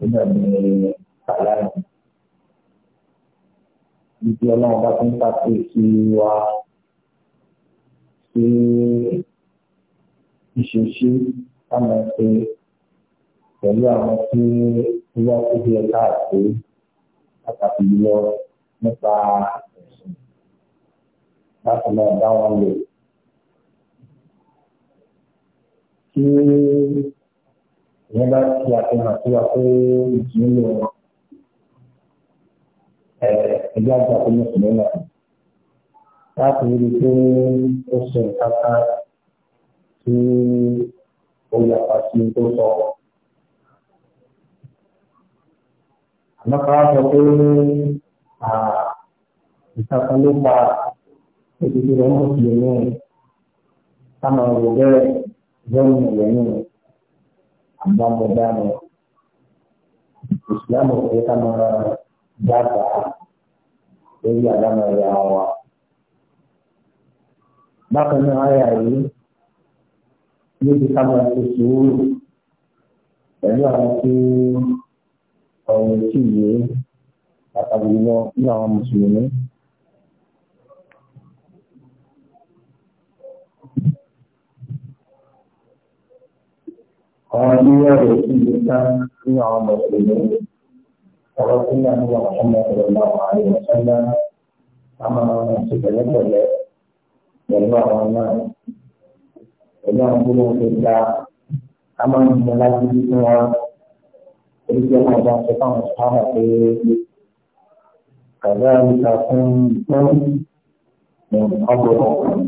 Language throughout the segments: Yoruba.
nínú ní kàláyà. Ibi ọlọ́run bá tún pàṣẹ sí wa sí ìṣesí táwọn ṣe pẹ̀lú àwọn tí wọ́n kó bí ẹ̀ka àti pàtàkì jùlọ nípa ẹ̀sìn láti máa dá wọn lò ìyẹn bá ti àfihàn sí wa pé mùsùlùmí lò wọn ẹgbẹ́ àgbà tó mùsùlùmí náà láti rí i pé ó ṣe nǹkan kan tí ó yàtọ̀ sí tó sọ. àmọ́ ká sọ pé nǹkan kan ló pa òṣìṣẹ́ mùsùlùmí ká máa rò bẹ́ẹ̀ lọ́nà ìyẹn nìyẹn mambo gani Islam kita data ili alama ya hawa. Maka náà ayà yìí níbi ká máa ṣe sùúrù pẹ̀lú àwọn tí ọ̀rọ̀ tí yìí àwọn ilé rẹ̀ sì lè ká sí àwọn mọ̀sùlùmí ọ̀rọ̀ sí àwọn ọmọ ìrọ̀lá àwọn ìrọ̀sẹ́lá àmọ́ ìpẹ̀lẹ́pẹ̀lẹ́ pẹ̀lú àwọn náà pẹ̀lú àwọn tó lóun ti gba àmọ́ ìmọ̀ láti bí fún wa èyí jẹ́ máa bá ṣe fáwọn sábà pé kàdá níta fún ìtọ́jú ní ọgbọ̀n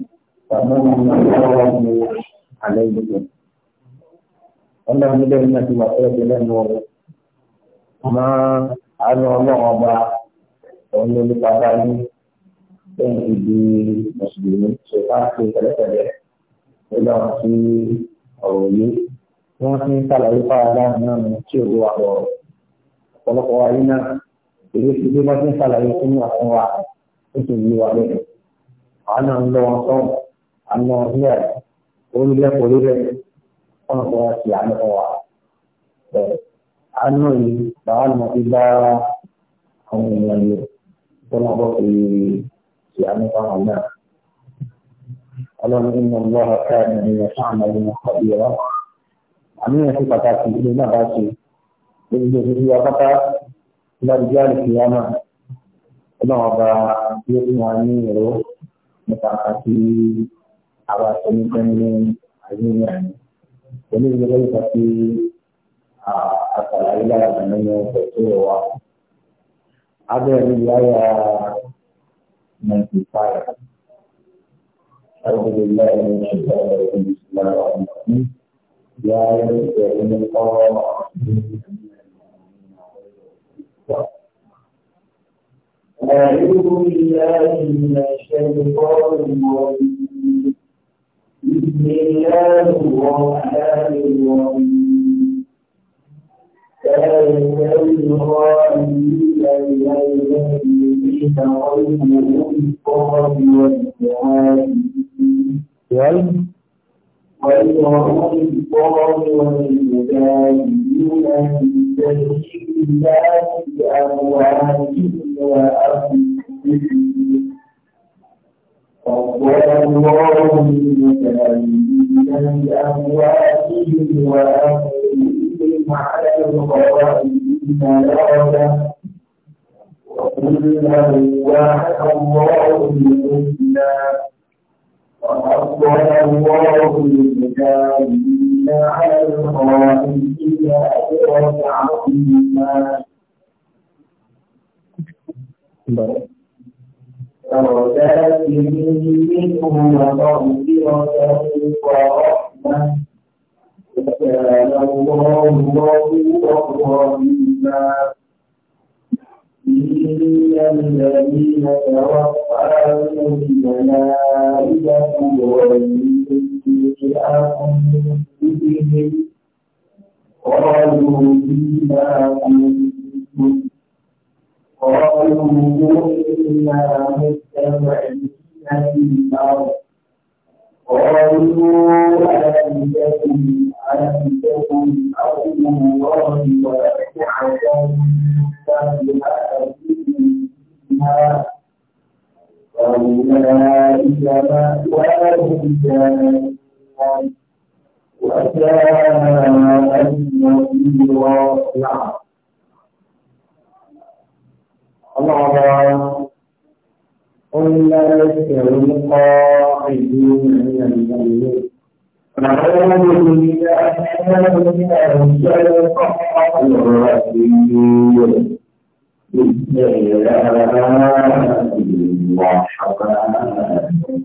tàbí ní ọgbọ̀n àlẹ́ ìgbọ̀n ọlọ́run níbẹ̀ nígbà tí wàá fẹ́ẹ́ bẹ̀rẹ̀ nù ọ̀rọ̀ àmọ́ àánú ọlọ́run ọba òun ló ní bàbá yín lẹ́yìn ibi mùsùlùmí ṣe wá sí pẹ̀lẹ́pẹ̀lẹ́ nígbà tí ọ̀rọ̀ yìí tí wọ́n ti ń sàlàyé fáadá náà ní tí òru àbọ̀ ọ̀pọ̀lọpọ̀ ayé náà èyí ti bí wọ́n ti ń sàlàyé fún àwọn wa ó sì yí wa lẹ́yìn àwọn náà ń lọ wọn sọ́ọ̀ àná ilé àti orílẹ̀-èdè ọmọ tó wá sí àánú fún wa àánú yìí làwọn àlùmọ̀ fi bá àwọn èèyàn yìí tó náà bọ́ sí sí àánú fún àwọn náà. ọlọ́run inú ọlọ́run ká ẹni yẹn fún àwọn ẹni kọ̀ bí ọ. àmì yẹn fi pàtàkì ilé náà bá ṣe gbogbo ìdílé wa pátá lọ́dún jáde kìíyá náà ọlọ́run ọba yóò fún wa ní Jadi kita tapi asal ialah namanya sesuatu. Ada riwayat mengkifai. Alhamdulillah ini sudah ini ya ini kalau أعوذ بالله من الشيطان الرجيم بسم الله الرحمن الرحيم ذلك الرحيم الذين غير الكفر والجهاد ويرون الكفر والمجاهدين في سبيل الله بأموالهم وأنفسهم والله من أموالهم وأنفسهم على الخوارجين لعنة وقل لهم وعد الله الحسنى وأفضل الله المجاهدين على الخوارجين أجرا عظيما. درجات منه ومغفرة ورحمة وكان الله غفورا رحيما إن الذين توفاهم الملائكة ويؤتي أنفسهم قالوا فيما كنتم قالوا إنا مستمعين في الأرض قالوا ألم تكن ألم تكن أرض الله واسعة فبها فأولئك مأواهم جهنم وساءت مصيرا نعم الله قل لا يستوي القاعدون من المؤمنين نعوذ بالله من الشيطان الرجيم بسم الله الرحمن الرحيم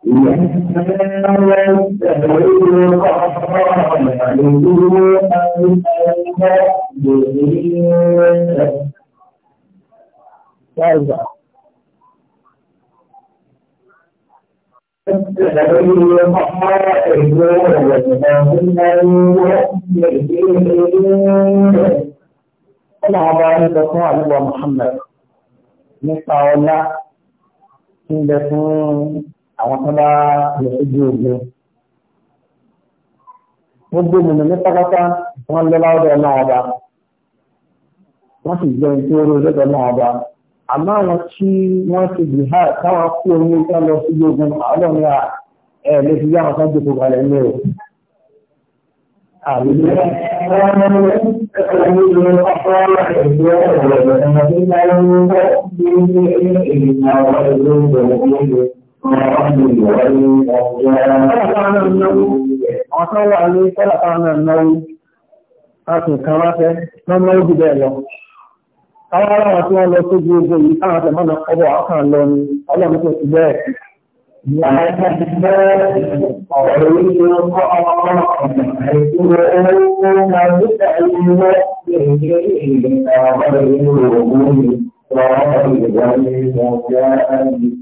Ọlọ́ọ̀bá ń bẹ fún àlúwà Mùhàmmad nípa ọlá ń bẹ fún àwọn tó bá lọ sí ogun gbogbo mọ̀nà ní pátápátá wọ́n lọ láwọ́dọ̀ náà ọba wọ́n sì jẹ́ ọba àmọ́ àwọn tí wọ́n ti kú omi lọ ogun àwọn lè fi yá ní o. Ọ̀sán wà ní tọ́lọ̀pàá náà náwó, a kì kan wá fẹ́, wọ́n mọ́ ìjì bẹ́ẹ̀ Àwọn aláwọ̀ tí wọ́n lọ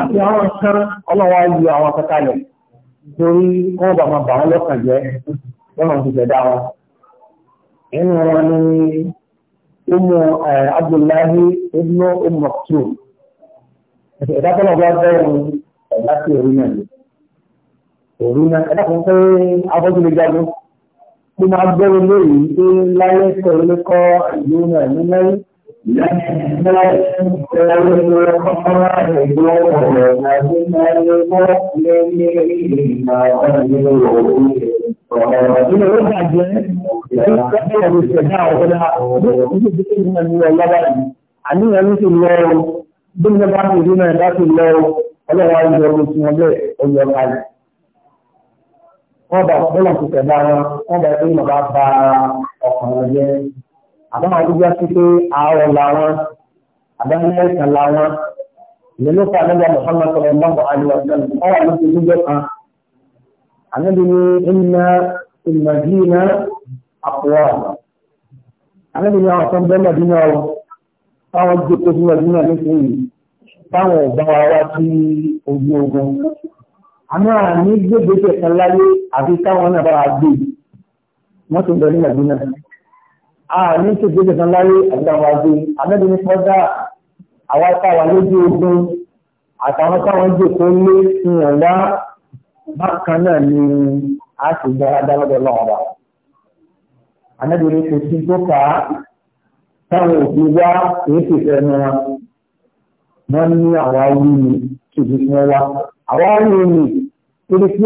àti àwọn kan ọlọ́wọ́ ayé àwọn akẹ́kọ̀ọ́ torí wọ́n bá máa bà wọ́n lọ́kàn jẹ́ lọ́nà ti tẹ̀dá wọn. Inú wọn ni Umu Abdullahi Ibnu Umu Maktoum. Ẹ̀dá tó lọ́gbà bẹ́ẹ̀ ni ẹ̀dá sí orí náà ni. Orí náà ẹ̀dá kan pé afọ́jú lè jáde. Mo máa gbẹ́rù lórí pé láyé sọ̀rọ̀ lè kọ́ ìlú náà ní mẹ́rin. Àníyàn ló ti lọ ọrọ̀, bí ní bá ti rí náà láti lọ ọrọ̀, ọlọ́wà ìjọ ọmọ tí wọ́n lẹ́ ọyọ kalẹ̀. Wọ́n bá ọlọ́pùpẹ̀ bá wọn, wọ́n bá ẹgbẹ́ ìmọ̀ bá bá ọkàn wọn jẹ́ àbá àwọn gbígbá sí pé àárọ̀ làwọn àbẹ́mẹ́sàn làwọn ìlélófà nígbà Muhammad sọ̀rọ̀ mọ́bọ̀ àdìwọ̀sán ọ̀rọ̀ ló ti gbígbé kan ànábi ní iná ìmọ̀dínà àpòwà ànábi ní àwọn kan bẹ́ẹ̀ mọ̀dínà o táwọn jókòó sí mọ̀dínà nísìnyí táwọn ọ̀gbọ́n wa wá sí ojú ogun àmọ́ àní gbégbé kan láyé àfi táwọn náà bá gbé mọ́tò ń bẹ ní mọ̀dínà àní tó gbé kankan láyé àgbàwà gbé àmẹ́bí ní pọ́dà àwa táwa lójú ogun àtàwọn táwọn jòkó lé ìwọ̀n wá bákan náà ni a sì gbára dá lọ́dọ̀ lọ́wọ́ wa. àmẹ́bí ní kò tó kà á táwọn òbí wá èyí sì fẹ́ nu wọn. wọ́n ní àwa wí ni tòbí fún wọn wá. àwa wí ni kí àníyàn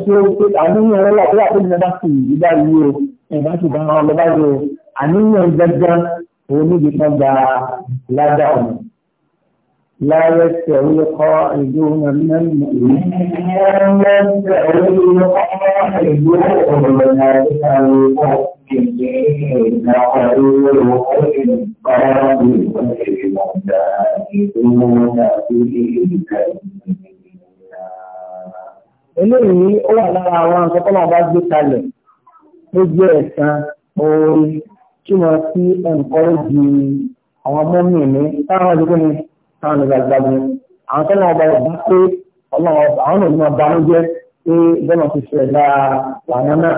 tí ó àníyàn rẹ̀ lọ́pọ̀ àti ìjọba sì yí báyìí o ìgbà tí ìdáná ọlọ́ba yìí o àníyàn gbẹgbẹ òun níbi kan gba ládà ọ̀nà láyé tẹ̀ ó lè kọ́ ìlú ọ̀nà mẹ́rin èyí. láyé tẹ̀ ó lè kọ́ ìlú ọ̀nà mẹ́rin kọ́ kìkì ìgbà ọ̀rẹ́ ìwé ọ̀rẹ́ ọ̀rẹ́ ìwé ọ̀dà ìwé ọ̀dà ìwé ìgbà eléyìí ó wà lára àwọn akẹ́kọ̀ọ́ náà bá gbé kalẹ̀ ló jẹ́ ẹ̀sán orí kí wọ́n sí ẹnìkọ́rọ́ di àwọn mọ́mí mi táwọn ọdún ní táwọn ìgbàgbà mi àwọn tó náà bá wà bá pé àwọn náà máa banú jẹ́ pé bọ́lá ti ṣe ẹ̀dá làwọn náà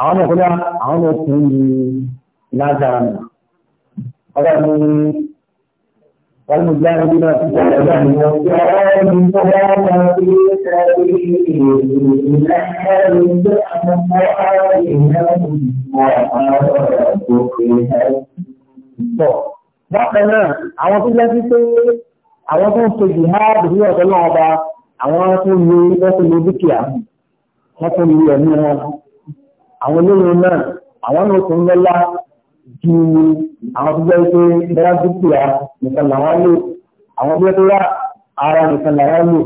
àwọn náà kọjá àwọn náà kún ní lágbára mi. ọ̀rọ̀ والمجاهدين في سبيل والجاهدين فلا في سبيله من أهل الدعم وآلهم Bákan náà, àwọn tó lẹ́sí pé àwọn tó ń ṣe jihad ní ọ̀dọ́ náà ọba, àwọn tó ní lẹ́sí ní dúkìá, wọ́n tó ní ẹ̀mí wọn. Àwọn olóyìn náà, àwọn náà tó ń lọ́lá ju àwọn tó jẹ́ pé bẹ́rẹ̀ dúkìá nìkan làwọn lò àwọn tó jẹ́ ara nìkan làwọn lò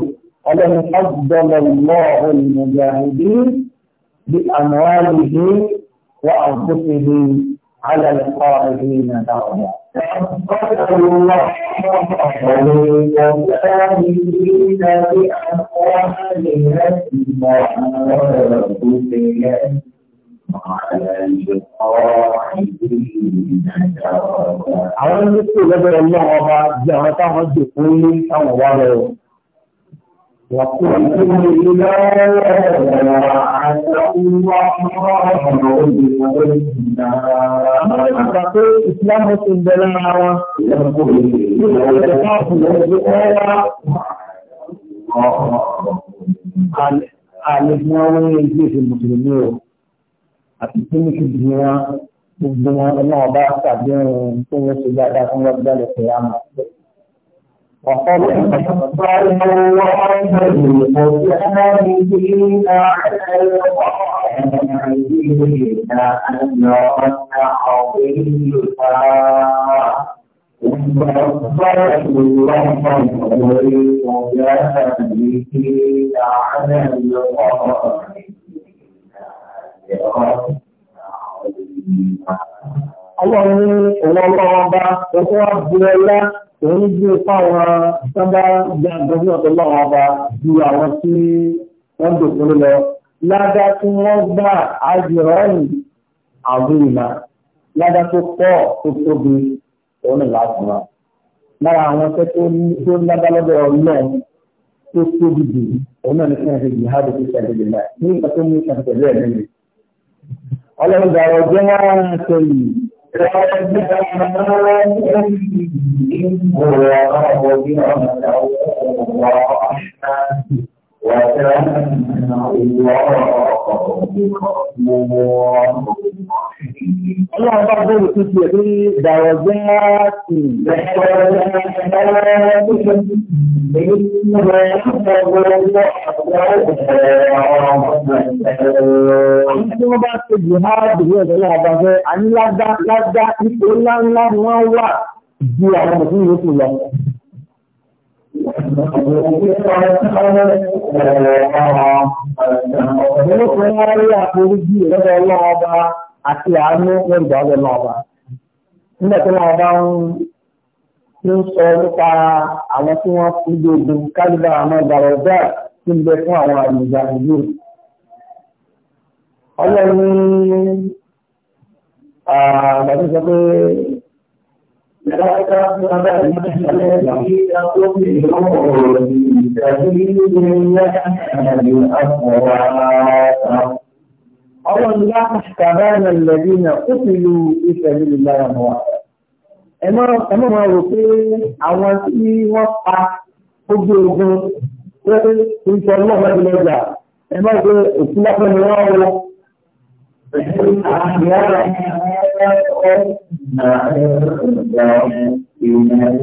ọlọ́run fàgbọ́lọ̀ lọ́ọ̀ olùmọ̀jáde bí àmọ́wálìhí wà àgbóṣèlú alẹ́lẹ́kọ́ ẹgbẹ́ ìrìnàdà ọ̀dà. Ọ̀pọ̀lọpọ̀ Àwọn ẹni tí ó lọ́dọ̀ ọlọ́run ọba jẹ́ àwọn táwọn jò fún ilé táwọn wá lọ. Wà kú ìlú ilé lọ́wọ́ ẹ̀rọ àtàkùnwá ọ̀rọ̀ òde ọ̀rọ̀ ìdìnnà. Àwọn ẹni gbà pé ìsìlámù ti ń bẹ lára wọn. Ìjọba káàkiri ọ̀rọ̀ ọ̀rọ̀ àlejò àwọn ẹgbẹ́ ìṣe mùsùlùmí o àti tí mo ti dùn wọn gbogbo wọn ọlọ́run bá tàbí ohun tó wọ́n ṣe dáadáa fún wọn gbọ́dọ̀ pé a mọ̀. وقال Ọlọ́run ní òun ọlọ́wọ́ bá ọkọ́ wá bu ọlá òun bí fáwọn sábà gba gómìnà tó lọ́wọ́ bá ju àwọn tí wọ́n dòkun lọ. Ládá tí wọ́n gbà ájìrọ́rùn àwọn ìlà. Ládá tó pọ̀ tó tóbi òun ní láti wá. Lára àwọn tẹ́ tó ní tó ládá lọ́dọ̀ ọlọ́run tó tóbi jù òun náà ní kí wọ́n ṣe tó ṣẹlẹ̀ jìhádì. Ní ìgbà tó ní ìṣàkóso ẹ̀mí ọlọ́run jẹ́ wọ́n ń sọ yìí. Ìgbòho àwọn ọmọ ọdún ọmọ ọdún ọmọ ọdún ọmọ Ọlọ́run bá bẹ́rù tó ti ẹ̀rí ìdàrọ̀ jẹ́ láti Tí wọ́n bá ṣe jìháàdì ní ọ̀dọ̀ náà bá fẹ́, a ní lágbá lágbá ipò ńláńlá ni wọ́n wà ju àwọn mùsùlùmí lọ. Olókùnrin wọn rí àforíjì lọ́dọ̀ ọlọ́run ọba àti àánú lọ́dọ̀ ọlọ́run ọba. Nígbà tí wọ́n bá ń sọ nípa àwọn tí wọ́n fi gbogbo kálíbà àwọn ìdàrọ̀ bẹ́ẹ̀ tí ń bẹ fún àwọn àmìjà ìlú. Ọlọ́run ní àgbàdo sọ pé Ọlọ́run láti ṣàbáyà lẹ́bí náà ó ti lu ìṣẹ̀lú ìlànà wa. Ẹmọ́ máa rò pé àwọn tí wọ́n pa ojú ogun pé ìṣẹ̀lú ọ̀gbẹ́gbẹ̀lẹ́gbà, ẹmọ́ ìgbé òkú lápẹ́ ni wọ́n wọ́n Ọlọ́run lọ́dọ̀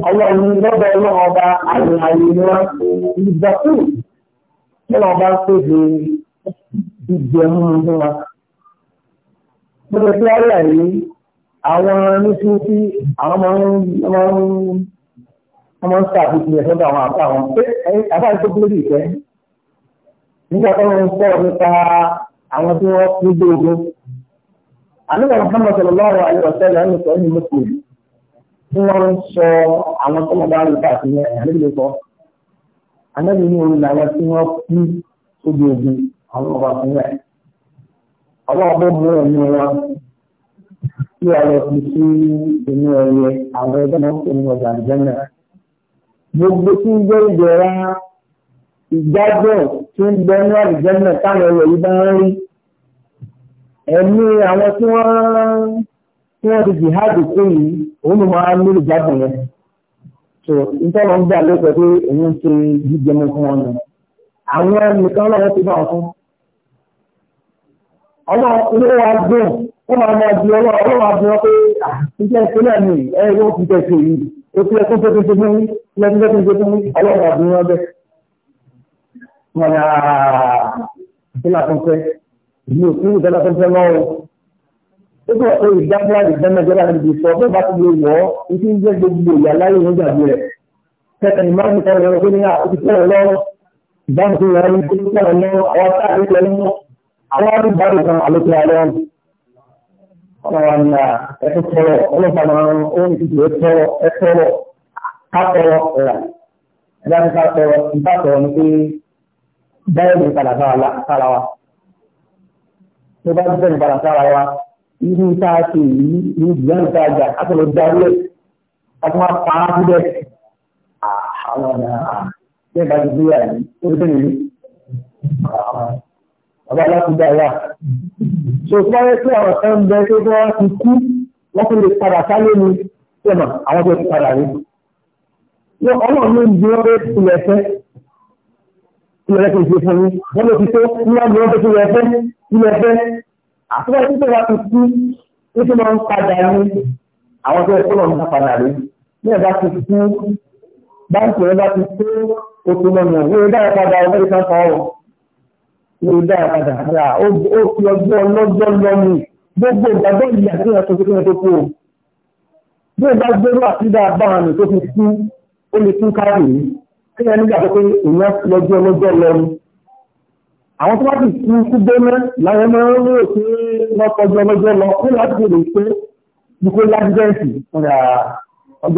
ọlọ́run ọba àrùn ni wọ́n ìgbàkú lọ́wọ́ bá kéde ìjẹun fún wa. Gbogbo tí a rí àyè àwọn oníṣẹ́ tí àwọn ọmọ ń ṣàfihàn ẹ̀sọ́dọ̀ àwọn àbá wọn. Àbá ìṣẹ́gun lórí ìfẹ́. Nígbà tó ń sọ̀rọ̀ nípa àwọn tí wọ́n kú gbogbo àníwọ̀ Muhammad sallallahu alaihi wa sallam ẹni sọ ẹni mùsùlùmí tí wọ́n ń sọ àwọn tó wọ́n bá rí bá àfihàn àníbi lè sọ àníbi ní orí làwọn tí wọ́n kú sóbi ogun àwọn ọba àfihàn àwọn ọba mú ẹ̀mí wọn tí a lọ fi sí inú ẹyẹ àwọn ẹgbẹ́ náà tó ní ọjà àjẹ́nà gbogbo tí ń jẹ́ ìjọra ìjágbọ̀n tí ń bẹ ní àjẹ́nà táwọn ẹyẹ yìí bá ń rí ẹ̀mí àwọn tí wọ́n tí wọ́n ti jihadi kó yìí òun ló máa ń nílò jábọ̀ yẹn so nítorí wọn gbà lóko pé òun ṣe jíjẹmú fún wọn nù àwọn nìkan lọ́wọ́ ti bá wọn fún ọlọ́ ilé wa gbọ́n ó máa máa di ọlọ́ ọlọ́wọ́ àbúrò pé iṣẹ́ ah, ìpínlẹ̀ mi ẹ yóò fi tẹ̀sí yìí ó fi ẹkún tó ti ṣe fún mi lẹ́tí lẹ́tí ṣe fún mi ọlọ́wọ́ àbúrò bẹ́ẹ̀ èmi ò kúrò dáná tó ń fẹ́ lọ́wọ́ ó sọ pé ìdáfúrà lè dáná jẹ́ láti ibi sọ bẹ́ẹ̀ bá ti lè wọ́ ibi ń jẹ́ gbogbo ìyá láyé nígbà bí rẹ̀ kẹta ni máa ń sọ ọ̀rọ̀ pé ní à ah, ó ti tẹ̀lé lọ́wọ́ ìbámu tó yàrá ní kókó tẹ̀lé lọ́wọ́ àwọn tá àti tẹ̀lé lọ́wọ́ àwọn arúgbárí kan àlókè alẹ́ ọ̀nà wa ni ah, ẹ̀fọ́ tọrọ ọlọ́pàá máa ń ohun ìtìtì ah, ẹ̀ tọrọ ẹ̀ tọrọ ká tọrọ ẹ̀rà ẹ̀ bá ní ká tọrọ ìbá tọrọ ni pé báyọ̀ ní kàdà sára wa tó bá bẹ̀rẹ̀ padà sára wa irú tá a ṣe yìí irú ìdíyàn tá a jà á tó lọ darí ẹ̀ a tún wá pa ah, àwọn ọ̀nà bẹ́ẹ̀ bá ti gbéyà yìí ọba alákùúgbà yà so sáré tí àwọn kan bẹ tó tó wá ti kú wọ́n lè padà sálé ni tẹ̀mọ̀ àwọn tó ti padà rí ní ọlọ́run ló ń gbé wọn bẹ́ẹ̀ tilẹ̀ fẹ́ tilẹ̀ fẹ́ ti ṣe fún mi wọ́n lè fi tó níwájú wọn tó ti fẹ́ ilẹ̀ fẹ́ àtúbọ̀ títí wa ti kú ó ti máa ń padà ní àwọn tó yẹ kó lọ́nà padà rí ní ẹ̀dá ti kú báńkì ẹ̀dá ti kú oṣù lọ́nà ní ẹ̀dá padà ọ̀gbẹ́ni kan kan ọ̀ ní ẹ̀dá padà rà ó fi ọjọ́ ọlọ́jọ́ lọ́nù gbogbo ìgbàgbọ́ ìyá tí wọ́n tuntun tó kú o bí ó bá gbérú àtúndà báwọn tó fi kú ó lè tún káàdì yìí kí wọ́n nígbà tó pé ìyá lọ́jọ́ ọlọ́jọ́ lọ́nù àwọn tó bá ti kú kú gbóná láwọn máa ń rò pé wọ́n kọjú ọlọ́jọ́ lọ kó láti lè rò pé dúkó lájẹ́ǹsì ọjọ́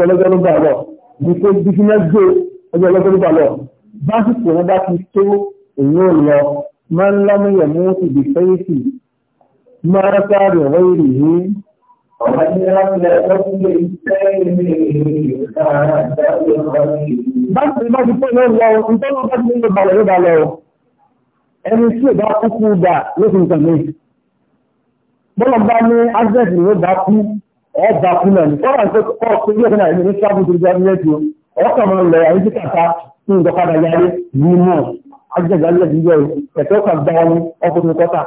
ọlọ́jọ́ ló gbà lọ dúkó dúkúná gbé ọjọ́ ọlọ́jọ́ ló gbà lọ básìkò wọn bá ti tó èyí ò lọ máa ń lámú yẹ̀mú ìdí fẹ́yìntì máa ń sáré ọ̀rọ̀ ìrì yìí. ọ̀rọ̀ ni wọ́n lè lọ́kùn lè fẹ́ ìrìn ẹni tí ò bá kú kú gbà ló fi nǹkan mi. bọ́lá bá ní access ló bá kú ọ̀ bá kú náà ní kọ́ra ṣe kọ́ ṣe bí ọ̀kan àìní ní sábà tó jáde lẹ́tì o ọ̀kan máa ń lọ àyíkí kàkà fún ìjọpadà yáyé yìí mọ̀ access alẹ́ ti yẹ ẹ̀tọ́ kan gbá wọn ọkùnrin kọ́ta.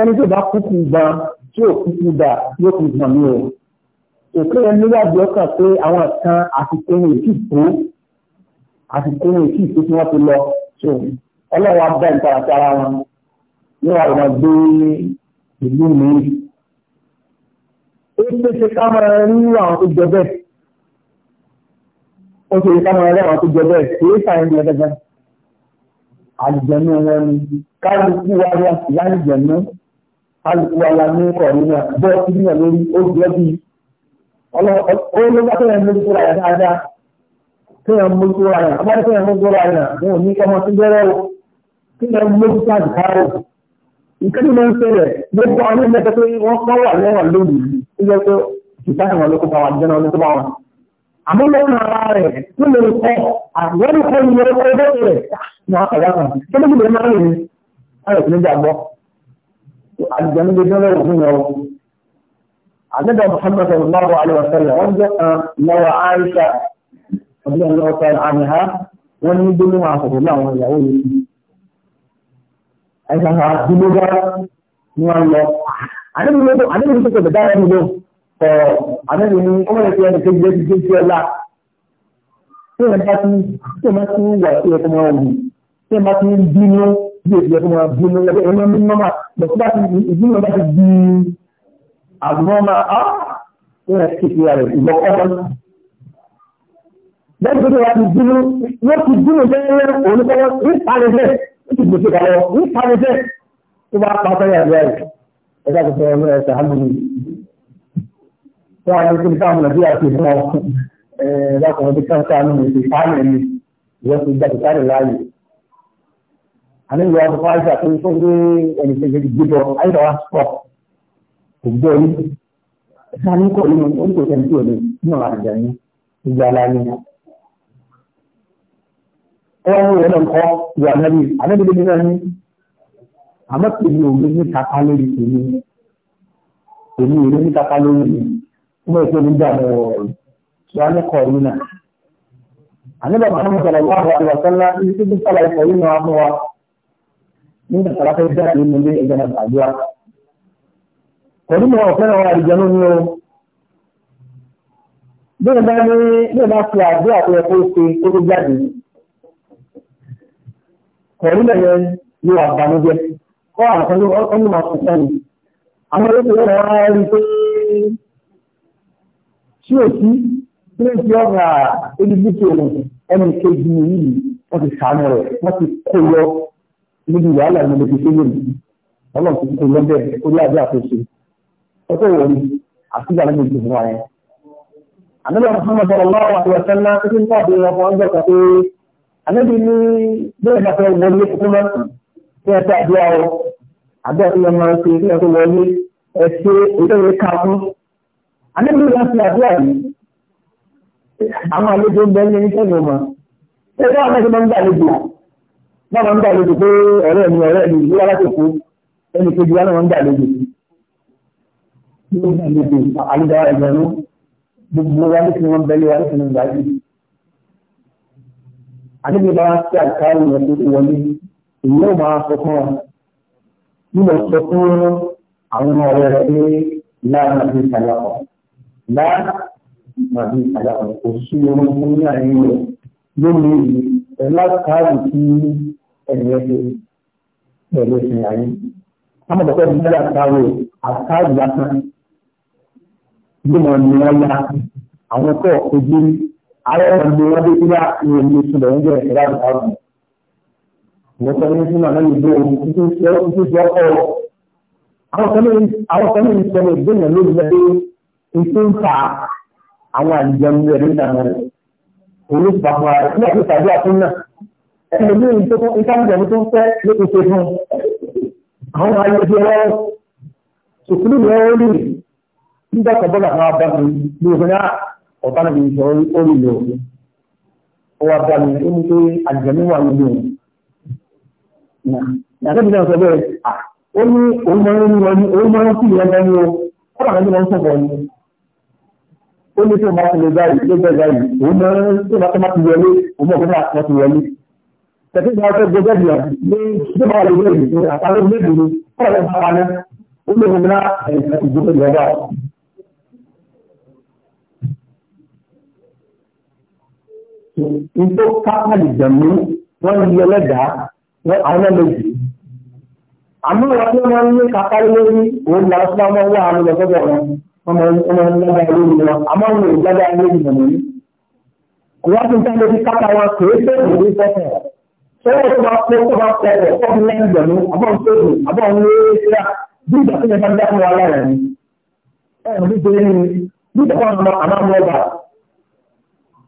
ẹni tí ò bá kú kú gbà tí ò kú kú gbà ló fi o. òkè yẹn níwájú ọkàn pé àwọn kan àti kéwìn èkì àti kéwìn èkì tí wọ́n ti lọ ọlọ́run abẹ́ ìtaratara wọn ní wàá wọn gbé ìlú mìíràn. ó ṣeéṣe ká máa rí àwọn tó jẹ bẹ́ẹ̀ ó ṣe ká máa rí àwọn tó jẹ bẹ́ẹ̀ kì í sàyẹn ní ẹgbẹ́ àlùjẹ̀nu wọn ni kálukú wa ni àlùjẹ̀nu kálukú wa la ní ọ̀rọ̀ nínú àbọ̀ ìdíyàn lórí ó jẹ́ bí ọlọ́gbà tó yẹn mójútó ra yẹn dáadáa tó yẹn mójútó yẹn abájọ́ tó yẹn mójútó yẹn ní nínú mójútó àdìkárò ìkẹ́ni ló ń ṣẹlẹ̀ gbogbo àwọn ẹgbẹ́ pé wọ́n kọ́ wà lẹ́wọ̀n lónìí ó yẹ pé ìta ìwọ̀n ló kó bá wọn jẹ́nà ló kó bá wọn. àmọ́ lẹ́yìn ara rẹ̀ tó lè kọ́ àwọn ìkọ́ ìyẹn ló kọ́ rẹ̀ ní wọn kọ̀wá kan tó lè máa rìn ní gbàgbọ́. àdìjọ́ni Muhammad sallallahu alaihi wa wọ́n jẹ́ kan lọ́wọ́ Aisha ọdún ọ̀sán àmì ha wọ́n ní gbólóhùn àkọ́kọ́ láwọn ìyàwó yìí ẹ̀sán àwọn àdúgbò ni wọ́n lọ. Àdébí ló tó àdébí tó tẹ̀lé dára nílò ọ̀ àdébí ni ó mọ̀ lẹ́sẹ̀ ẹni kejì lẹ́sẹ̀ tó ṣe ọlá. Tí ìwọ̀n bá ti tí ìwọ̀n bá ti wà sí ẹ̀kọ́ máa wù tí ìwọ̀n bá ti ń bínú bí èsì ẹ̀kọ́ máa bínú ẹgbẹ́ ẹ̀rọ ní nọ́mà lọ́sí bá ti ìbínú bá ti di àgbọ̀n máa á ó yẹ kí ìyá rẹ̀ ìgbọ́ ọ̀pọ̀ Bẹ́ẹ̀ni tó ti wá ti bínú, wọ́n ti bínú bẹ́ẹ̀ ti gbèsè kalẹ̀ ní ìpàdé tó bá pa sọ́yà ìlú ẹ̀ ẹ̀ka tó sọ ọmọ ẹ̀ka hàn mí. Wọ́n á ní kí n ká àwọn Nàìjíríà ti mọ ẹ̀ẹ́dàkùn ọdún kan sáà nínú ìpè sáàmì ẹ̀mí ìwọ́n ti gbàgbé sáàmì láàyè. Àní ìwà ọ̀dọ́ fún àìsàn tó ń fún gbé ẹnì kejì gbẹdọ̀ àìsàn wa sọ̀ kò gbọ́ yín. ní kò ní oníkòtò ní ní ọ̀rọ̀ àjẹ́ yín ọ̀rọ̀ rẹ̀ náà kọ́ ìwà ànábì ànábì lóbi náà ní àmọ́ èmi ò lè ní kápá lórí èmi èmi ò lè ní kápá lórí mi mo èso mi dà mọ́ ọ̀rọ̀ tí wọ́n á kọ́ ọ̀rọ̀ náà. ànábì àwọn ọmọ sọ̀rọ̀ wà wà wà sọ́lá ibi tó bí sọ́lá ìfọ̀ yìí náà mọ́ wa nígbà tí a fẹ́ jáde nínú ilé ẹgbẹ́ náà gbàdúrà. pẹ̀lú mi ò fẹ́ràn àlùjọ pẹ̀lú ẹ̀yẹ yóò wà bànújẹ́ kọ́ àkọ́jú ọdún máa fún sẹ́yìn àwọn olóògbé yóò wá rí pé tí ò sí tí ó ti ọ̀rọ̀ ẹgbẹ́gbẹ́ òun ẹni kejì yìí wọ́n ti sàánú rẹ̀ wọ́n ti kó yọ níbi wàhálà ní mo ti ṣe lónìí ọlọ́run ti kó yọ bẹ́ẹ̀ ó láàbí àtúnṣe ọjọ́ ìwọ ni àti ìgbà méjì fún wa yẹn. àdébà Muhammad sọ̀rọ̀ lọ́wọ́ àti ọ̀sẹ̀ ńlá tó ti ń pàdé ọkọ̀ ọjọ́ kan pé Àlébi ní bẹ́ẹ̀ náà fẹ́ wọlé kúkú lọ́sùn tí ẹ tẹ́ àdúrà o. Àbẹ́ ìyá máa ṣe ilé ẹ̀kọ́ wọlé ẹ ṣe ìtọ́wé ká fún. Àlébi náà fi àdúrà yìí. Àwọn àlejò ń bẹ ní sẹ́nu mọ̀. Ṣé ìwé àwọn ẹ̀ṣẹ̀ máa ń gbàlejò? Wọ́n máa ń gbàlejò pé ọ̀rẹ́ mi ọ̀rẹ́ mi ìlú alákòókò ẹnì kejì wa náà máa ń gbàlejò. Gbogbo àlejò àlejò ẹgbẹ̀rún gbogbo wa ní kí wọ́n bẹ́lẹ̀ wa ní kí wọ́n gbàlejò àníbi bá wá sí àkáàrùn yẹn tó wọlé èyí ò máa sọ fún wa nílò sọ fún àwọn ọ̀rẹ́ rẹ pé láàrín àbí ìtàlá ọ̀ láàrín àbí ìtàlá ọ̀ kò sí ohun fún ní àárín rẹ lónìí yìí ẹ̀ láàkáàrùn tí ẹ̀yẹ́ ṣe pẹ̀lú ìsìn àyè. Àmọ́ bàbá mi nílò àkáàrùn lásán bí mo ní wáyà àwọn ẹ̀kọ́ ojú rí ààrẹ ọ̀gbìn wọn dé sílá ní ìlú ìṣúlẹ̀ ń jẹ́ ìṣẹ̀lá ìdáhùn. Mo sọ ní sínú àná ìgbé omi títí ṣe ọ́ títí ṣe ọ́ ọ́. Àwọn kan ní ìṣẹ̀lẹ̀ ìgbéyàn lórí lẹ́yìn ìṣe ń ta àwọn àjẹm rẹ̀ ní ìdáná rẹ̀. Òun ti bàbá rẹ̀ nígbà ọ̀tá náà ní sọ orí lò ó wá bá mi ó ní pé àjẹmí wà nínú òun. Nàìjíríà náà sọ bẹ́ẹ̀ ó ní òun mọ orí wọn ní òun mọ orí sí ìyẹn lẹ́nu o kó dàgbà ní wọn sọ̀rọ̀ ni. Ó ní tí o máa ti lè báyìí ló bẹ́ẹ̀ báyìí òun mọ orí tí o máa ti wọlé òun mọ̀ kó ti wọlé. Tẹ̀sí ìgbà ọ̀sẹ̀ gbẹgbẹ́ bìyà ní ìjọba àlejò ìgbìyànjú lè nítorí káàkiri ìdàmú wọ́n yí ẹlẹ́dàá wọ́n àwọn ẹlẹ́dì. àmọ́ wọn tí wọ́n ní káàkiri lórí òun làwọn tí wọ́n wá àwọn ọ̀sọ́dọ̀ wọn ọmọ ẹlẹ́dàá lórí wọn àmọ́ wọn ò jáde ayé ìdàmú. kò wá sí sáà lórí káàkiri wọn kò é tó ìwé sọ́kẹ̀. sọ́wọ́ tó bá pé tó bá pẹ̀lẹ̀ fọ́ọ̀mù lẹ́yìn ìdàmú àbọ̀n tó dùn àbọ̀n lé bí ìgbà tó yẹ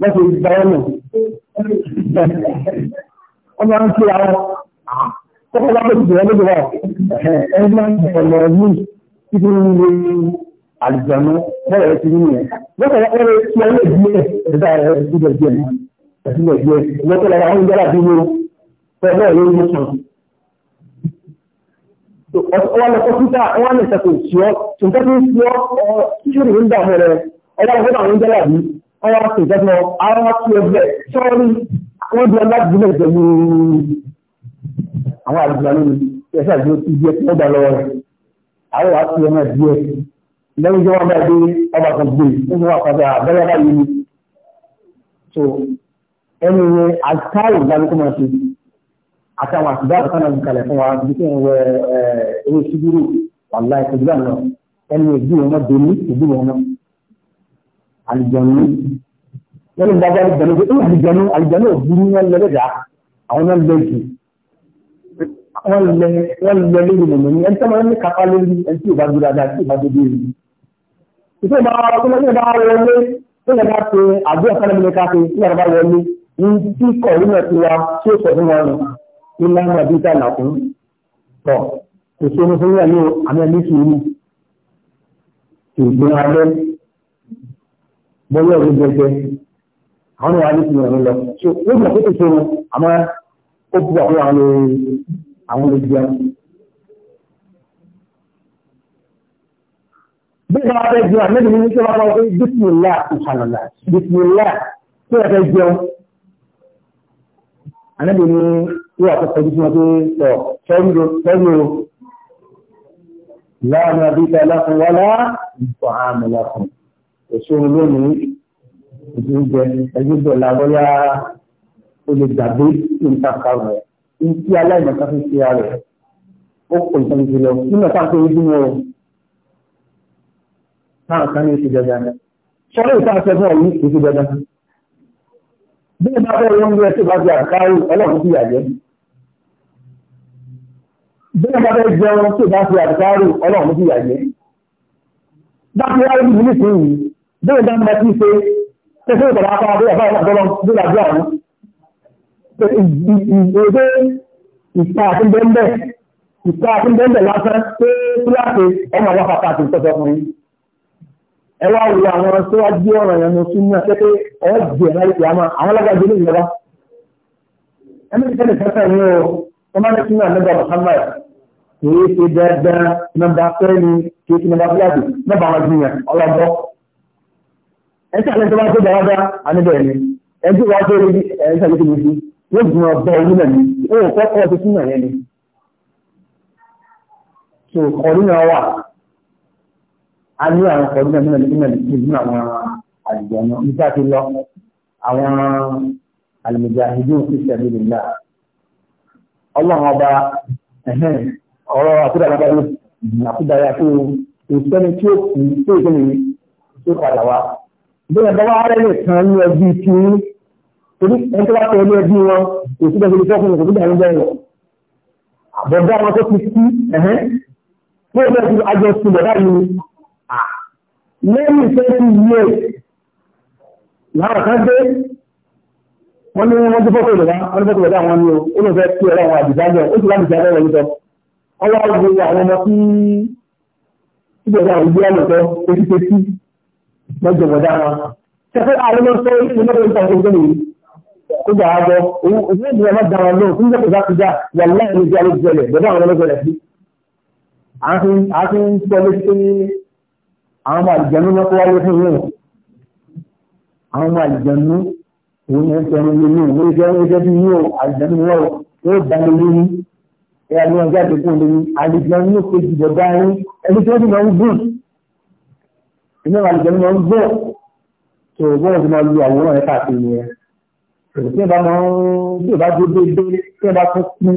wọ́n ti gba ọ̀nà wọ́n ara kọ́kọ́ bá bẹ̀rẹ̀ ìjọba lójú wa ẹni máa ń bẹ̀rẹ̀ ní títí nílé àlùjọ̀nù bẹ́ẹ̀ ti ní yẹn lọ́kọ̀ wọ́n lè fi ọlẹ́ díẹ̀ ẹ̀dá ẹ̀dúgbẹ̀ díẹ̀ ẹ̀dúgbẹ̀ díẹ̀ lọ́kọ̀ lára àwọn ìjọba bí mo fẹ́ bẹ́ẹ̀ lórí mo sàn. wọ́n lọ sọ títà wọ́n lè sọ wọ́n wá sí ìjọba àwọn wá sí ẹgbẹ́ sọ́ọ́rí wọ́n di ọlájúlẹ̀ pẹ̀lú àwọn àdúrà lónìí ẹ̀ṣẹ́ àdúrà tí díẹ̀ tí wọ́n lọ́wọ́ rẹ̀ àwọn wá sí ọmọ díẹ̀ lẹ́yìn tí bá dé ọba kan gbé nínú àpàdé àbẹ́rẹ́ báyìí ni so ẹni yẹn àtàrí ìdánilẹ́kọ̀ọ́ máa ṣe àtàwọn àtìgbà àtàwọn àgbékalẹ̀ fún wa bí kí n wẹ ewé síbírù wàlá ìpèjúbà náà ẹni ìdí wọn dé ní ìdí wọn náà àlìjẹ̀nu lẹ́nu ìdájọ́ àlìjẹ̀nu pé ó àlìjẹ̀nu àlìjẹ̀nu ò burú wọn lẹ lẹ́dàá àwọn náà lẹ jù wọ́n lẹ wọ́n lẹ lórí mọ̀mọ́ ní ẹni tẹ́lẹ̀ ní kápá lórí ẹni tí ò bá dúró dáadáa tí ò bá dúró dé rí. ìṣe ìbá wa tó lọ́sẹ̀ bá wọlé tó lọ́sẹ̀ bá ṣe àbí ọ̀sán lẹ́nu ní káfí tí ìyàrá bá wọlé ní tí kọ̀ nínú ẹ̀sìn wa tí ó sọ fún wọn ní lánàá àbí ìta ìlà fún tọ̀ kò sí omi fún yàrá ní àmì ẹ̀mí sùúrù kì í gbé wọn lẹ́nu bọ́wọ́ ẹ̀rọ jẹjẹ àwọn ìwà ní ìrìn lọ so ó mọ̀ pé tuntun àmọ́ ó ti wà fún àwọn àwọn olùjẹun. bí wọ́n fẹ́ jẹun àmì ìdílé ní sọ́wọ́n wọn pé bísímìlá ìsàlọ̀lá bísímìlá tí wọ́n fẹ́ jẹun. ànábì ní ìwà tó kọjú sí wọn pé tọ̀ sẹ́yìn o sẹ́yìn o láàrin àbíkà láfún wọlá àmì láfún èso lónìí ìdíjẹ ẹgbẹ́jọ làbọ́yá ó lè gbàgbé ìtàkà rẹ̀ ní aláìmọ̀ká fi ṣe rẹ̀ ó pè nǹkan jù lọ nínú ọ̀pá pé ojú wọn o táwọn kan ní ìṣèjọ dáadáa sọ́rọ́ ìta ṣe fún ọ̀yí kò sí dandan bí ìbá bẹ́ẹ̀ ló ń gbé ẹsẹ̀ bá fi àkárò ọlọ́run sí ìyàjẹ́ bí ìbá bẹ́ẹ̀ jẹun tó bá fi àkárò ọlọ́run sí ìyàjẹ́ bá fi wáyé bí mi nísìnyí bẹ́ẹ̀ dá mọ́ tí ṣe tẹ́sí ìtọ̀lá apá abẹ́ àbá ìlàdọ́lọ́ bí làbí àwọn ìgbé ìta àti bẹ́ẹ̀ ìta àti bẹ́ẹ̀ lásán pé kíláàsì ọmọ àwọn pàtàkì ìtọ́jọ́ fún yín ẹ wá wo àwọn tó wá jí ọ̀rọ̀ yẹn lọ sínú akẹ́kẹ́ ẹ jẹ́ ẹ̀rọ ìpè àmọ́ àwọn alágbàjọ ní ìjọba ẹni tí kẹ́lẹ̀ kẹ́kẹ́ yín o wọ́n máa ń sínú àmẹ́gbà Muhammad kì í ṣe dáadáa nọ́mbà fẹ́ẹ́ ni kì í ṣe nọ́mbà ẹ̀sẹ̀ àlẹ́ tó bá tó dáadáa aníbẹ̀ ni ẹjọ́ wa tó rí ẹ̀sẹ̀ àlẹ́ tó lè fi yóò gùn ọgbọ́ orí náà ni ó kọ́kọ́ ti fún ẹ̀yẹ ni so kọ̀ọ̀rí náà wà a ní àwọn kọ̀ọ̀rí náà nínú ìlú àwọn àlùjọ náà nípa ti lọ àwọn àlùmọ̀jà ìdí òfin sẹ̀mí lè gbà ọlọ́run ọba ọ̀rọ̀ àkúdàgbà ló àkúdàgbà tó ìsẹ́ni tí ó kù tó ìsẹ́ni tó padà wá bí ẹ̀bá wá rẹ̀ lè kan ní ẹbí tí ní torí ẹni tó bá tẹ ní ẹbí wọn kò sí bẹ́ẹ̀ tó fún mi kò sí bẹ́ẹ̀ bẹ́ẹ̀ àbọ̀dá wọn tó ti sí ẹ̀hẹ́ pé ẹgbẹ́ ti àjọ sílẹ̀ báyìí ni lẹ́yìn twenty years làwọn kan dé wọ́n ní wọ́n ti fọ́kọ̀ ìlera wọ́n ti fọ́kọ̀ ìlera wọn ni o ó lè fẹ́ kí ẹ̀rọ àwọn àdìsájọ ó sì láti fi abẹ́rẹ́ yìí tọ́ ọwọ́ àwọn ọmọ tí ìgbẹ̀rẹ̀ àwọn ìgbé àlùkọ́ ètùtù lọ́jọ́ ìwọ̀dá wọn. Ṣẹ́fẹ́ ààrẹ ló sọ ilé lọ́dọ̀ ìta ìgbẹ́ yìí. Ó gbà àbọ̀, òun ní ìdílé ọmọdé àwọn lóhùn, nígbà tó bá ti dá wà láì ní ìdílé jẹlẹ̀, bẹ̀rẹ̀ àwọn ọlọ́jọ́ rẹ̀ sí. A ti ń sọ lórí pé àwọn ọmọ àlìjẹnú lọ́kọ́ wáyé fún yẹn. Àwọn ọmọ àlìjẹnú òun ní ẹ̀sẹ̀ ọmọ yẹn ní òun ní ẹ̀sẹ̀ bí yóò àlìjẹnú lọ́wọ́ yóò iná àlùjẹ́ máa ń gbọ́ tó gbọ́n ti máa lu àwòrán ẹ̀ káàkiri yẹn èdè tí ìbá máa ń bí ìbá dé déédé tí ìbá tó kú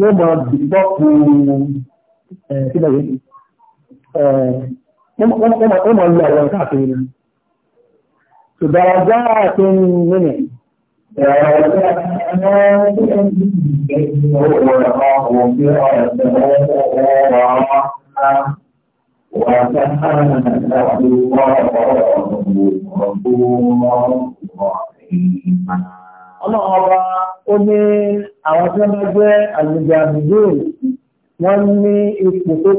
yóò máa bìbọ́ kú síbẹ̀ yìí wọ́n máa lu àwòrán káàkiri yẹn tó dára já àti nínú Thank you. وكان Ọlọ́run ọba ó ní àwọn tí wọ́n bá jẹ́ àlùjàmìdì wọ́n ní ipò tó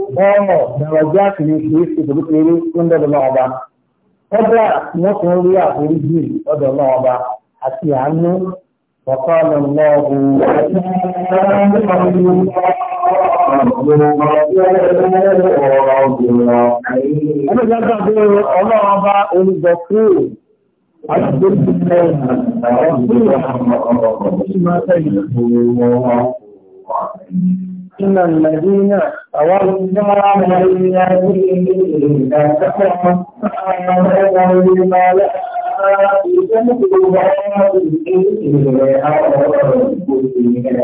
pọ̀ dàrọ̀já kìí ṣe ipò tó kéré tó ń dọ̀dọ̀ lọ́wọ́ ọba. Ọjà wọ́n tún rí àforíjì ọ̀dọ̀ lọ́wọ́ ọba àti àánú ọ̀kọ́ ọ̀nà lọ́wọ́ إن الذين أولوا الذين كفروا ما لا يجوز لهم إلا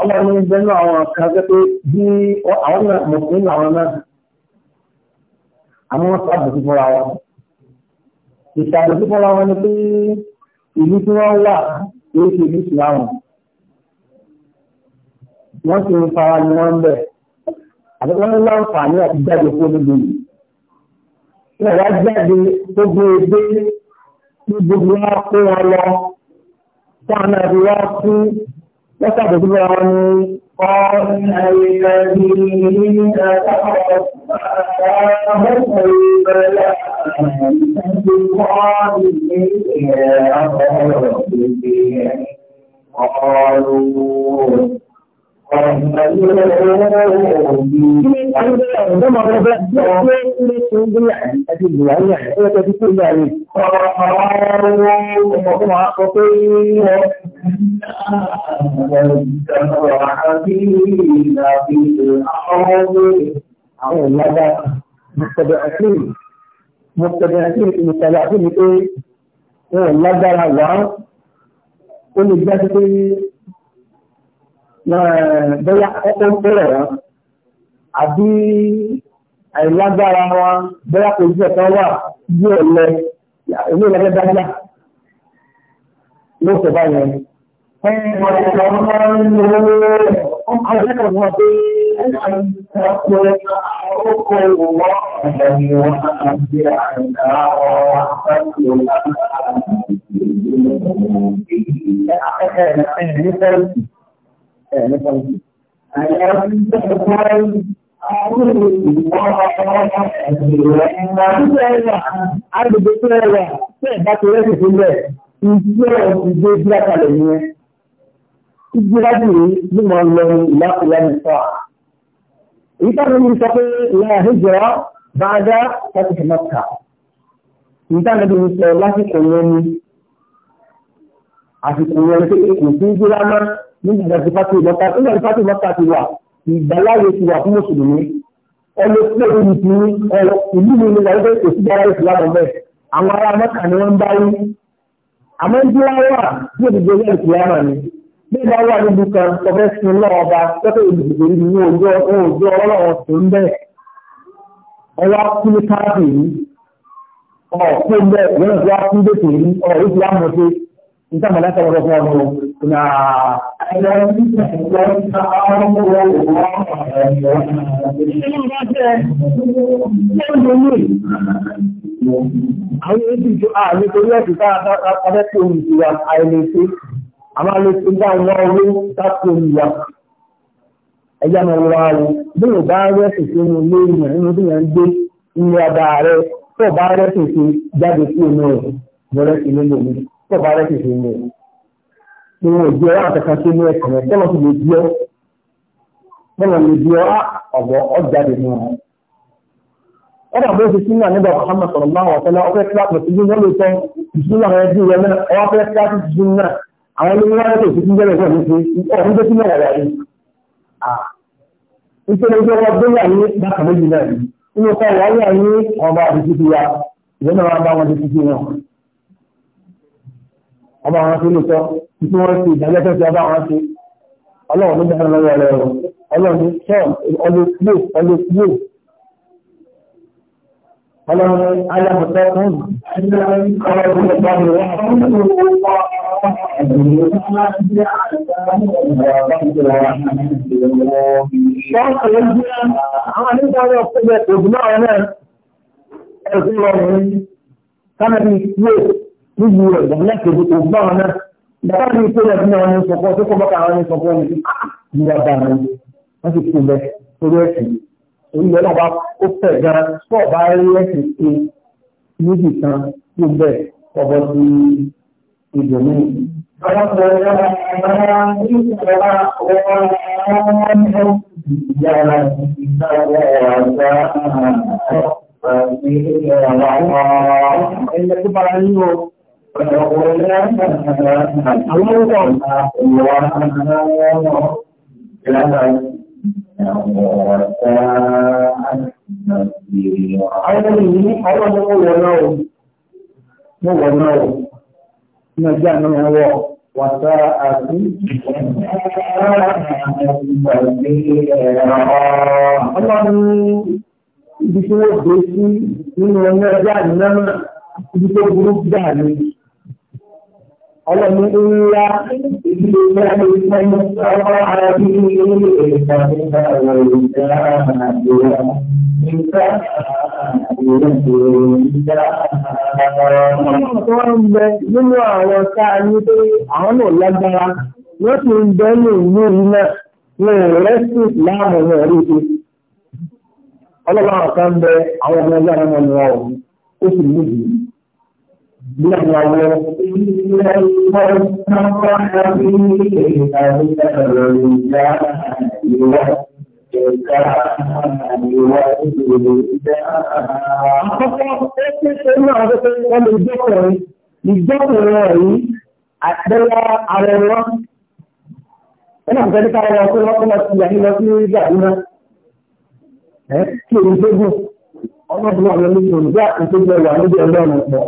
Ọlọ́run ń bẹ́nu àwọn kan jẹ́ pé bí àwọn mùsùlùmí àwọn náà, àwọn wọn sábà sí fúnra wọn. Ìṣàbò sí fúnra wọn ni pé ìlú tí wọ́n wà ló ṣe ìlú ìsìláàmù. Wọ́n ti ń fara ni wọ́n ń bẹ̀. Àti wọ́n ní láǹfààní àti jáde fún olóògbé yìí. jáde tó gbé e ní gbogbo wọn kó wọn lọ táwọn ẹbí wá sí lọ́sàdé tó bá wọn ní ọ̀rìn àìlẹ́bí ní ẹ̀ẹ́dẹ́gbẹ̀rẹ́ ọ̀rìn àìlẹ́bí ní ẹ̀ẹ́dẹ́gbẹ̀rẹ́ Àwọn ìlàgbà mọ̀tẹ̀bẹ̀ àkíyì, mọ̀tẹ̀bẹ̀ àkíyì ìmọ̀tẹ̀bẹ̀ àkíyì pé wọ́n lágbára wá, ó lè gbá sí pé bóyá ọkọ̀ ń pẹ̀lẹ̀ wọn àbí àìlágbára wọn bóyá kò sí ẹ̀kan wà bí ọ̀lẹ ilé ìlẹ́gbẹ́ dájá ló sọ̀bá yẹn. Thank you ẹ̀ nípa ìlú. Àyẹ̀wò ìjọba ìjọba àwọn olùgbé tó rẹwà tí ẹ̀dá tó rẹ̀ tó lẹ̀ ìjọ ìgbé bílákalẹ̀ yẹn. Ìgbélájú yìí ló máa ń lọ ìlàkùlá nìfà. Èyí táwọn ọmọ sọ pé ìlànà àhíjọ́ bá dá láti fi mọ́ta. Èyí táwọn ọmọ sọ lásìkò yẹn ni àsìkò yẹn pé kò sí ìgbélámá nígbà tí pátì lọ́ta nígbà tí pátì lọ́ta ti wà ìgbàláyé ti wà fún mùsùlùmí ẹni tí ó ní ti ẹ̀rọ ìlú mi nígbà wípé kò sí dára ìsìlámù bẹ́ẹ̀ àwọn ará mẹ́ta ni wọ́n ń bá yín àmọ́ ń dúró wà bí òdìgbò yẹn ti yára ni bí ìgbà wà níbi kan tọ́fẹ́ sí i lọ́wọ́ ọba tọ́fẹ́ ìdìbò yìí ní ojú ojú ọlọ́wọ́ tó ń bẹ́ẹ̀ ọwọ́ kú ní káàdì yìí ọ̀ kó ń bẹ́ẹ̀ yẹn ti wá kú dé tèmi ọ̀ ìsìlámù ti nígbà mọ̀lẹ́kọ̀ọ́ Àwọn èdè ìjọ ààrẹ torí ẹ̀sùn tààtàkọ́lẹ́ tí òun ìwà àìlèṣe, a máa lè tí bá wọ́n owó tàbí òun Ẹjá mọ̀ ààrẹ, bí ò bá rẹ́sùn sí inú ilé ìrìn nínú bí yẹn gbé ilé ọba ààrẹ, tó bá rẹ́sùn sí jáde sí inú rẹ̀, bọ́rẹ́sì nínú mi, tó bá rẹ́sùn sí inú rẹ̀ ni wọn ò jẹ́ ọ́ àtẹ̀kà sí inú ẹ̀kọ́ rẹ̀ tọ́lọ́ sì lè di ọ́ tọ́lọ́ lè di ọ́ ọ̀bọ̀ ọ̀jáde ní wọn. ọ̀dà bó ti sínú àníbà Muhammad sọ̀rọ̀ máa wọ̀ tẹ́lá ọ̀fẹ́ kíláàsì ti dín lọ́lọ́ ìtọ́ ìṣúná àwọn ẹbí rẹ̀ náà ọwọ́ fẹ́ kíláàsì ti dín náà àwọn ẹni wọn rẹ̀ tó ti dín bẹ̀rẹ̀ fún ọ̀hún tó ti náà wà yìí. nítorí pé wọ́n gbé yà ní bákan méjì náà nínú kọ́ wọ́n yà ní ọba àdìsí ti wa ìwé náà wà bá wọn ti ti wọn. ọba àwọn tó lè sọ títí wọ́n ti ìdájẹ́kẹ́ sí ọba àwọn tó ọlọ́run ló dára lọ́wọ́ rẹ̀ ọ̀rọ̀ ọlọ́run sọ́ọ̀ ọlọ́pùlò ọlọ́pùlò ọlọ́run alábùtọ́ fún ọlọ́run Kánàbí yóò níbi rẹ̀ ìdàgbẹ́ kejì kò gbọ́ ọ̀nà bàbá mi tó yẹ fún ọ̀nà ìsọ̀kọ́ tó kọ́ bọ́kà ọ̀nà ìsọ̀kọ́ ọ̀nà ìdílé bá mi wọ́n ti kú lẹ torí ẹ̀sìn èyí yẹn náà bá ó fẹ̀ gan tó ọ̀bá rí ẹ̀sìn ṣe níbi kan tó bẹ̀ ọ̀bọ̀ sí ìdùnnú. Ẹ̀yin lẹ́kọ̀ọ́ bára yín o. Ibi tí wọ́n gbé sí nínú ẹgbẹ́ àdínámà, ibi tó burú gbà ní ọlọ́run ní ńlá ìdílé ní ẹni ọmọ ara bí i ní ìgbà nígbà ọ̀rọ̀ ìjà àdúrà nígbà àdúrà ìjà àdúrà. wọ́n ń bẹ nínú àwọn sáà ní pé àwọn náà lágbára wọ́n sì ń bẹ ní ìlú iná ní ìrẹsì láàrin náà rí i. ọlọ́run àwọn kan bẹ àwọn ọmọ ẹgbẹ́ àwọn ọmọ ẹ̀rọ ọ̀hún ó sì níbi. لولوا إلى المصطفى فيه أهل الرجال Ìjọ́kùnrin ọ̀rí àtẹ́lá ara wọn, ẹ̀nà ìjọ́ nípa ara ọkùnrin ọkùnrin ọkùnrin ìyàní lọ sí orí ìgbàdúrà. Ẹ kí èyí tó gùn, ọmọdún àwọn olóògbé àti tó gbẹ̀rẹ̀ àwọn olóògbé ọlọ́run pọ̀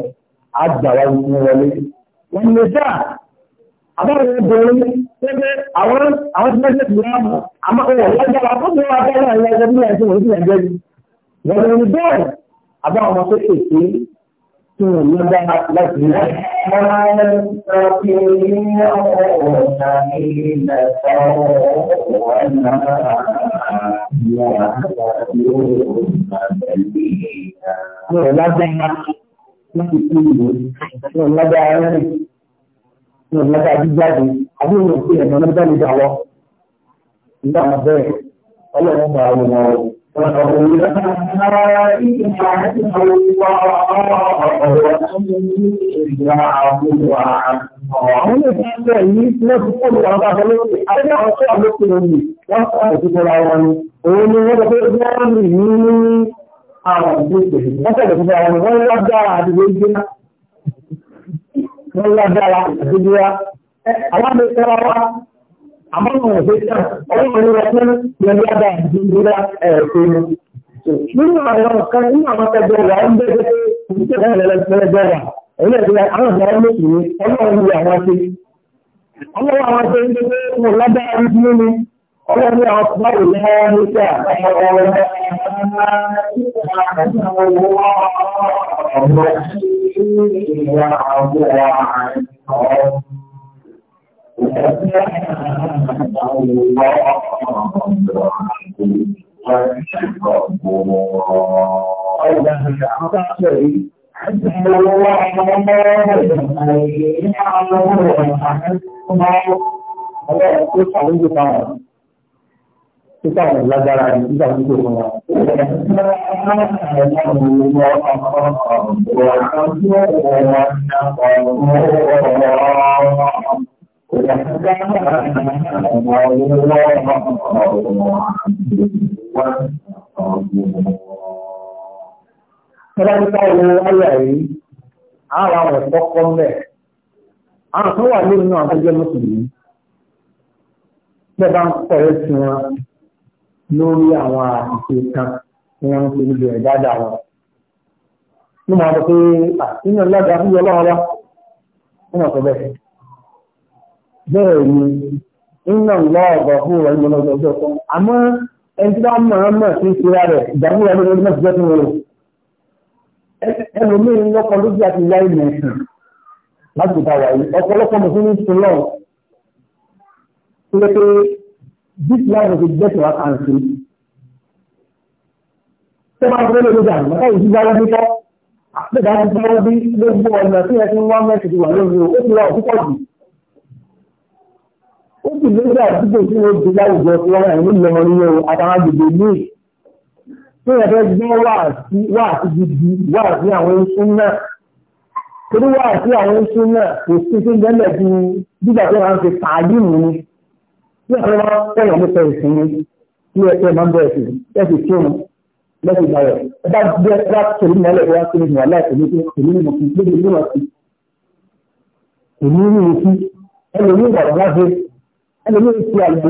àgbàwá ikú wọlé. Wọ́n lè dá àbáwọn obìnrin pẹ́pẹ́ àwọn àwọn tí wọ́n ṣe ti láàmú àmọ́ ọ̀rọ̀ lágbára tó ti wá bẹ́ẹ̀ náà lẹ́gbẹ́ bí ẹ̀sìn wọ́n ti yàn jẹ́ yìí. Wọ́n lè bẹ́ẹ̀ àbáwọn ọmọ tó ṣe pé kí wọ́n lè dá láti rí. Máa ń sọ pé ní ọ̀pọ̀ ọ̀nà ilẹ̀ sọ̀rọ̀ wọn náà yà á lọ́wọ́ àtẹ̀lé ìgbà láti kú ìlú ní ọ̀lọ́dà rẹ̀ ní ọ̀lọ́dà jíjáde àbí ìwọ̀n sí ẹ̀nà ọ̀lọ́dà ní ìdáwọ́. Nígbà wọn bẹ́ẹ̀ ọlọ́run bá wọn wọ̀ Àwọn ìfẹ́ yìí lẹ́kùn fún ìwọ̀n bá fẹ́ lórí àwọn ọ̀ṣọ́ àlókùnrin wọ́n sọ̀rọ̀ sí fún ara wọn ni. Òun ni wọ́n sọ pé wọ́n rìn ní àwọn ìgbésẹ̀ wọ́n sọ̀rọ̀ fún àwọn wọ́n lágbára àdúgbò ìgbéná wọ́n lágbára àdúgbò wa àwọn àmì sọ́ra wa àmọ́ àwọn ìgbésẹ̀ ọlọ́run ìwà fún wọn lágbára àdúgbò wa ẹ̀ẹ́dẹ́gbẹ́ nínú àwọn kan nínú àwọn akẹgbẹ́ wa ń bẹ̀rẹ̀ ìgbésẹ̀ lẹ́lẹ́gbẹ́ wa ẹ̀yìn ẹ̀dẹ́ àwọn ìgbà wọn lóṣù ní ọlọ́run ìwà wọn ṣe ọlọ́run àwọn ṣe ń gbé wọn lágbára àdúgbò ni ọlọ́run àwọn Ọlọ́run tó ṣàlójú bá wọn títà wọn lágbára ní títà fún wa. Tọ́lá nípa wo ayà yìí, àwọn àwọn ẹ̀kọ́ kọ́ mẹ́. Àwọn kan wà lórí náà tó jẹ́ mọ́sùlùmí lórí àwọn àṣìṣe kan tí wọ́n ń pè níbi ẹ̀ dáadáa wọn. Ní màá sọ pé àtúnyẹ lága fún ọlọ́run wá, wọ́n mọ̀ sọ bẹ́ẹ̀. Bẹ́ẹ̀ ni, iná lọ ọ̀gọ̀ fún ìwà ìmọ̀lá ọjọ́ ọjọ́ kan. Àmọ́ ẹni tí wọ́n mọ̀ ọ́n mọ̀ sí ìṣura rẹ̀, ìdàmúra ló ló mọ̀ sí ọdún rẹ̀. Ẹlòmíín lọ́kọ̀ lójú àti ìyá ìmọ̀ ẹ̀sìn láti ìta wà Ọ̀pọ̀lọpọ̀ mọ̀ sí ní ìṣúná. Ṣé pé This life is the best work and see. Ṣé máa fẹ́ lórí ìjà nígbà yìí gbígbá lọ́dún kọ́? Àpẹẹrẹ àti ìgbàlọ́ bí gbogbo ọ̀nà tí ẹ ti ń wá mẹ́sì ti wà lórí o, ó ti rọ púpọ̀ jù. Ó sì lórí àdúgbò tí wọ́n ti láwùjọ tí wọ́n rà nílò ọmọ nínú àtàwọn agbègbè míì. Ṣé ẹ fẹ́ gbọ́ wà sí wà sí gidi wà sí àwọn oṣù náà? Torí wà sí àwọn oṣù náà kò sí sí gbẹ́lẹ̀ bí gbígbà tó máa ń fi pàdé mú ni bí ọ̀rọ̀ wa tẹ̀yàn mú sọ̀rọ̀ sí ní bí ẹ̀kẹ́ máa ń bọ̀ ẹ̀sìn ẹ̀sìn tí òun lẹ́sìn ìgbà rẹ̀ ẹ bá gbé ẹ bá tẹ̀lé mọ́lẹ̀ wá sí ní ìwà láì tẹ̀lé pé èmi ni mo fi gbé mi níwọ̀n sí èmi ni mo fi ẹlòmíì wà láṣẹ ẹlòmíì